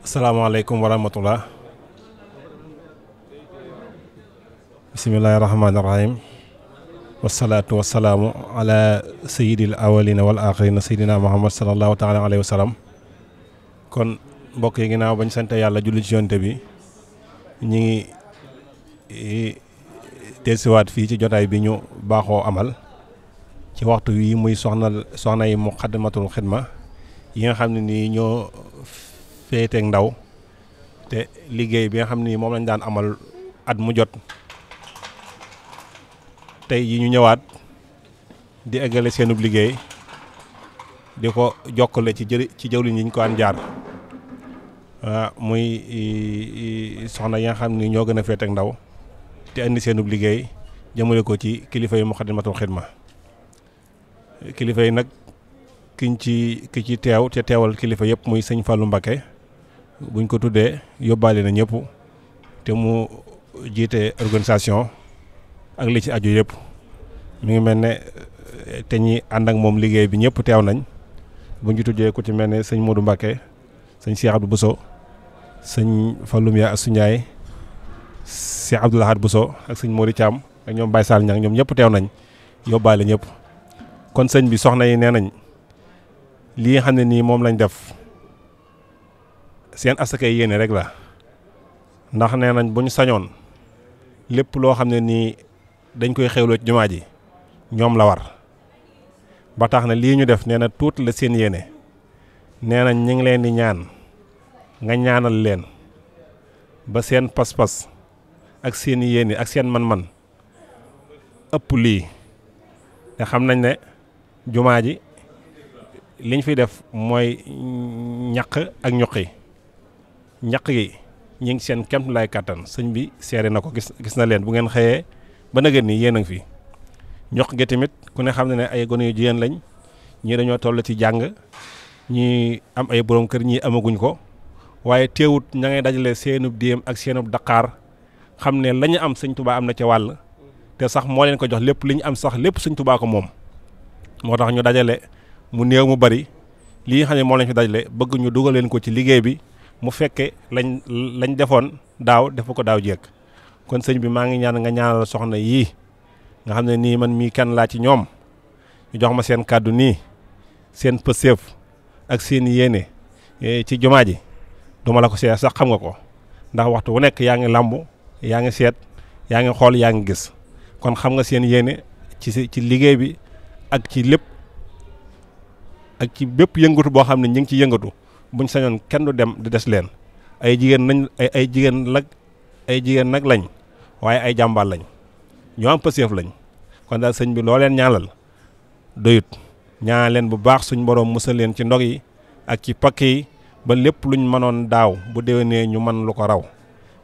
asalaamaaleykum wa rahmatullah bisimillahi rahmaani rahim wasalaatu wasalaamu ala sayidil awalina wal axirina sayidina muhammad salallahu taala alayhi kon mbokk yi ginnaaw bañ sant yàlla julli ci yonte bi ñi ngi teesiwaat eh, fii ci jotaay bi ñu baaxoo amal ci waxtu wi muy soxna soxna yi muqaddimatul xidma yi nga xam ne nii ñoo féeteeg ndaw te liggéey bi nga xam ni moom lañ daan amal at mu jot tey yi ñu ñëwaat di eggale seenub liggéey di ko jokkale ci jëri ci jawlin yi ñu ko an jaar ah, muy soxna yi nga xam ni ñoo gën a féeteeg ndaw te indi seenub liggéey jëmale ko ci kilifa yi Moukhaddamatoul Khidma kilifa yi nag kiñ ci ki ci teew te teewal kilifa yëpp muy sëñ falu Mbacké buñ ko tuddee yóbbaale na ñëpp te mu jiite organisation ak li ci aju yëpp mu ngi mel ne eh, te ñi ànd moom liggéey bi ñëpp teew nañ bu ci tuddee ku ci mel ne sëñ Modou Mbacké sëñ Cheikh bu Bousso sëñ Falloum Yaa Assou Ndiaye Cheikh Abdou Lahad Bousso ak sëñ Mori Thiam ak ñoom Baye Sall ñang ñoom ñëpp teew nañ yóbbaale ñëpp kon sëñ bi soxna yi nee nañ lii xam ne nii moom lañ def. seen asaka yéene rek la ndax nee nañ bu ñu sañoon lépp loo xam ne nii dañ koy xewloo jumaa ji ñoom la war ba tax na lii ñu def nee na tuuti la seen yéene nee nañ ñu ngi leen di ñaan nga ñaanal leen ba seen pas-pas ak seen yéene ak seen man-man ëpp lii te xam nañ ne jumaa ji liñ fi def mooy ñaq ak ñuqi ñaq gi ñu ngi seen kemt lay kàttan sëñ bi seere na ko gis gis na leen bu ngeen xëyee ba nageen ni yéen a ngi fi ñoq gi tamit ku ne xam ne ne ay gone yu jigéen lañ ñii dañoo toll ci jàng ñii am ay boroom kër ñii amaguñ ko waaye teewut ña ngay dajale seenub déem ak seenub daqaar xam ne lañu am sëñ tubaa am na ca wàll te sax moo leen ko jox lépp li ñu am sax lépp sëñ tubaa ko moom moo tax ñu dajale mu néew mu bari lii nga xam ne moo leen fi dajale bëgg ñu dugal leen ko ci liggéey bi mu fekke lañ lañ defoon daaw defu ko daaw jékk kon sëñ bi maa ngi ñaan nga ñaanal soxna yii nga xam ne nii man mii kenn laa ci ñoom ñu jox ma seen kàddu nii seen pëseef ak seen yéene e, ci jumaa ji duma la ko seet sax xam nga ko ndax waxtu wu nekk yaa ngi làmbu yaa ngi seet yaa ngi xool yaa ngi gis kon xam nga seen yéene ci ci liggéey bi ak ci lépp ak ci bépp yëngatu boo xam ne ñu ngi ci yëngatu buñ sañoon kenn du dem di des leen ay jigéen nañ ay jigéen lag ay jigéen nag lañ waaye ay jàmbaar lañ ñoo am pëseef lañ kon daal sëñ bi loo leen ñaanal doyut ñaanal leen bu baax suñ boroom musal leen ci ndox yi ak ci pakk yi ba lépp luñ mënoon daaw bu nee ñu mën lu ko raw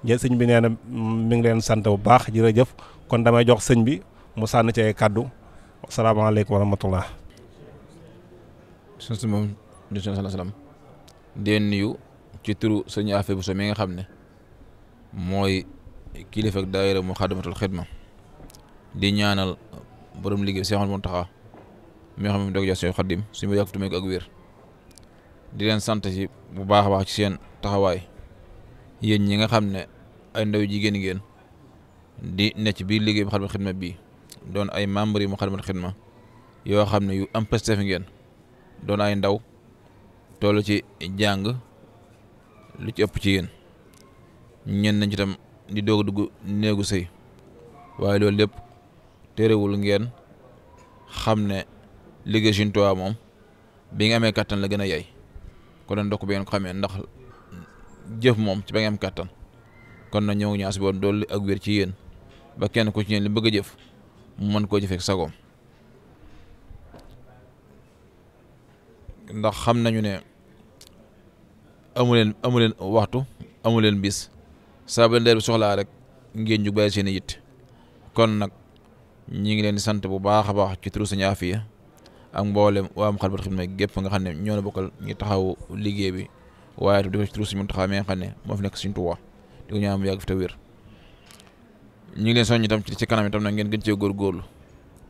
jë sëñ bi nee na mm, mi ngi leen sant bu baax jir jëf kon damay jox sëñ bi mu sànn ci ay kàddu asalaamaaleykum wa rahmatullah. sëñ si di nuyu ci turu sëñ Afe Bousso mi nga xam ne mooy kilifa ak daayira mu xadamatul xidma di ñaanal borom liggéey bi Seexul Muntaxa mi nga xam ne doog jox seen xaddim suñu ba yàgg ko ak wér di leen sant ci bu baax a baax ci seen taxawaay yéen ñi nga xam ne ay ndaw jigéen ngeen di ne ci biir liggéey mu xadamatul xidma bii doon ay membre yi mu xadamatul xidma yoo xam ne yu am pastef ngeen doon ay ndaw toll ci jàng lu ci ëpp ci yéen ñenn nañ ci tam di doog dugg néegu sëy waaye loolu lépp terewul ngeen xam ne liggéey Sëriñ Tuubaa moom bi nga amee kattan la gën a yay kon nag ndokk bi ngeen ko xamee ndax jëf moom ci ba ngeen am kattan kon na ñoo ngi ñaas boon dolli ak wér ci yéen ba kenn ku ci yéen li bëgg a jëf mu mën koo jëfee sagoom ndax xam nañu ne amuleen amuleen waxtu amuleen bis saa bu leen bi rek ngeen jug bàyyi seen i kon nag ñi ngi leen di sant bu baax a baax ci turu Sëñ Afiya ak mboolem waa Moukhaddamatoul Khidma gépp nga xam ne ñoo la bokkal ñu taxaw liggéey bi waaye itam di ko ci turu Sëñ nga xam moo fi nekk Sëñ Tuubaa di ko ñaan mu yàgg fi te wér ñu ngi leen soññ itam ci kanam itam nag ngeen gën cee góorgóorlu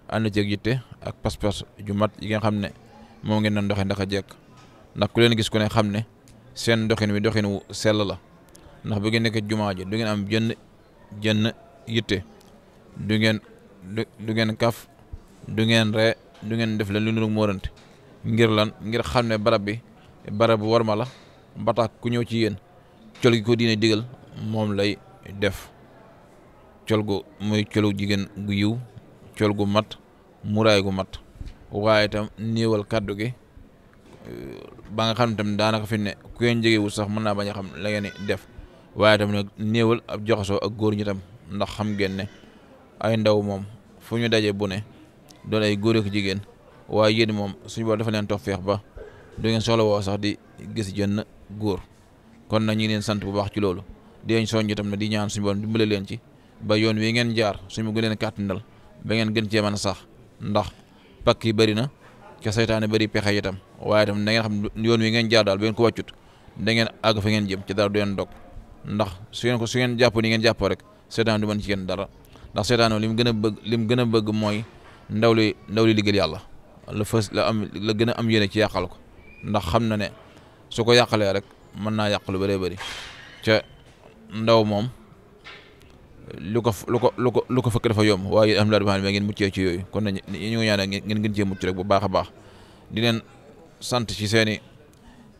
ànd ceeg yitte ak pas-pas ju mat yi nga xam ne. moom ngeen doon doxee ndax a jekk ndax ku leen gis ku ne xam ne seen doxin wi doxin wu sell la ndax bu ngeen nekk jumaa ji du ngeen am jënn jënn yitte du ngeen du ngeen kaf du ngeen ree du ngeen def la lu nuru moorante ngir lan ngir xam ne barab bi barab bu war ma la ku ñëw ci yéen col gi ko diine digal moom lay def col gu muy colu jigéen gu yiw col gu mat muraay gu mat waaye tam néewal kàddu gi eh, ba nga xam tam daanaka fi ne ku ngeen jegewul sax mën naa bañ a xam la ngeen def waaye tam nag néewal ab joxaso ak góor ñi tam ndax xam ngeen ne ay ndaw moom fu ñu daje bu ne doon ay góor ak jigéen waaye yéen moom suñu borom dafa leen feex ba du ngeen soxla woo sax di gis jën jënn góor kon na ñu leen sant bu baax ci loolu di leen soññ tam ne di ñaan suñu borom dimbale leen ci ba yoon wi ngeen jaar suñu gën leen kàttandal ba ngeen gën cee mën a sax ndax pakk yi bëri na ca saytaane bëri pexe itam waaye tam da ngeen xam yoon wi ngeen jaar daal bu ngeen ko wàccut da ngeen àgg fa ngeen jëm ci dara du ngeen dog ndax su ngeen ko su ngeen jàpp ni ngeen jàppoo rek saytaane du mën ci yéen dara ndax saytaane li mu gën a bëgg li gën a bëgg mooy ndaw li ndaw li liggéeyal yàlla la fës la am la gën a am yéene ci yàqal ko ndax xam na ne su ko yàqalee rek mën naa yàq lu bëree bëri ca ndaw moom lu ko lu ko lu ko lu ko fëkk dafa yomb waaye alhamdulilah a ngeen muccee ci yooyu kon nañ ñu ngi ñaanal ngeen ngeen cee mucc rek bu baax a baax di leen sant ci seen i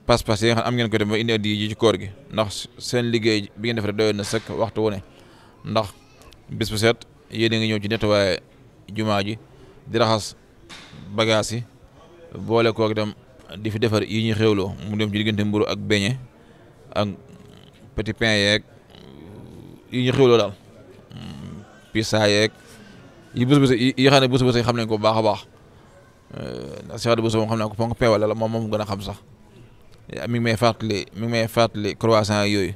pas-pas yi nga am ngeen ko dem ba indi addi yi koor gi ndax seen liggéey bi ngeen def rek na sëkk waxtu wu ne ndax bis set yéen a ngi ñëw ci nettoyé jumaa ji di raxas bagages yi boole kook dem di fi defar yi ñuy xéwloo mu dem ci diggante mburu ak beñe ak petit pain yeeg yi ñuy xéwloo daal. pissa yeeg yi bés bés yi xam ne bés bés xam nañ ko bu baax a baax euh, ndax Cheikh Adou Bousso moom xam naa ko ponk peewal la moom moom gën a xam sax mi ngi may fàttali mi ngi may fàttali croissant yooyu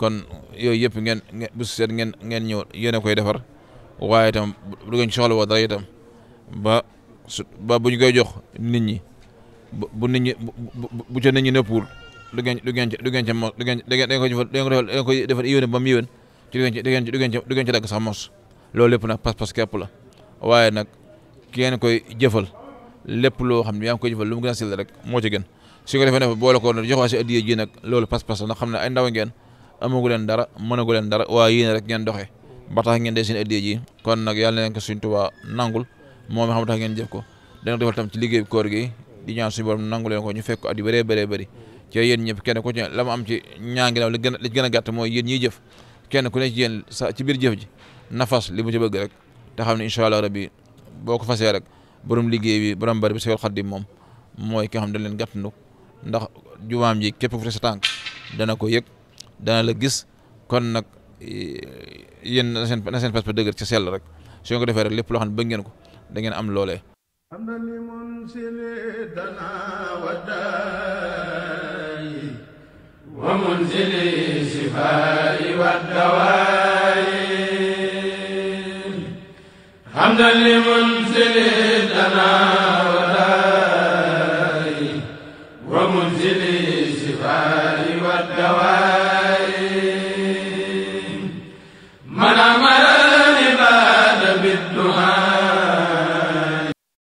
kon yooyu yëpp ngeen ngeen bu seet ngeen ñëw yéen a koy defar waaye itam du ngeen soxla woo dara itam ba su ba koy jox nit ñi bu nit ñi bu ca nit ñi nëppul du ngeen du ngeen du ngeen ca du ngeen da ngeen ko ci du ngeen ci du ngeen mos loolu lépp nag pas-pas képp la waaye nag ki koy jëfal lépp loo xam ne yaa koy jëfal lu gën a sell rek moo ci gën si addiya ji nag loolu pas kon nag yàlla na leen ko suñ Tuubaa nangul moom xam tax ngeen jëf ko dana defal tam ci liggéey koor ñaan suñu borom nangu leen ko ñu fekk at yu bëree bëree ci yéen ñëpp kenn ku ci la am ci ñaa gën a li gën a gàtt mooy yéen ñiy jëf kenn ku ci yéen sa ci biir jëf ji na li mu ci bëgg rek te xam ne incha allah rabbi boo ko fasee rek borom liggéey bi borom bari bi Seexul Xadiim moom mooy ki nga xam ne dañ leen gàttandu ndax jumaam ji képp fu sa tànk dana ko yëg dana la gis kon nag eh, yéen na seen na seen pas-pas dëgër ci sell rek su ko defee rek lépp loo xam ne bëgg ngeen ko da am loolee. ومنزل الشفاء والدواء حمدا لمنزل لنا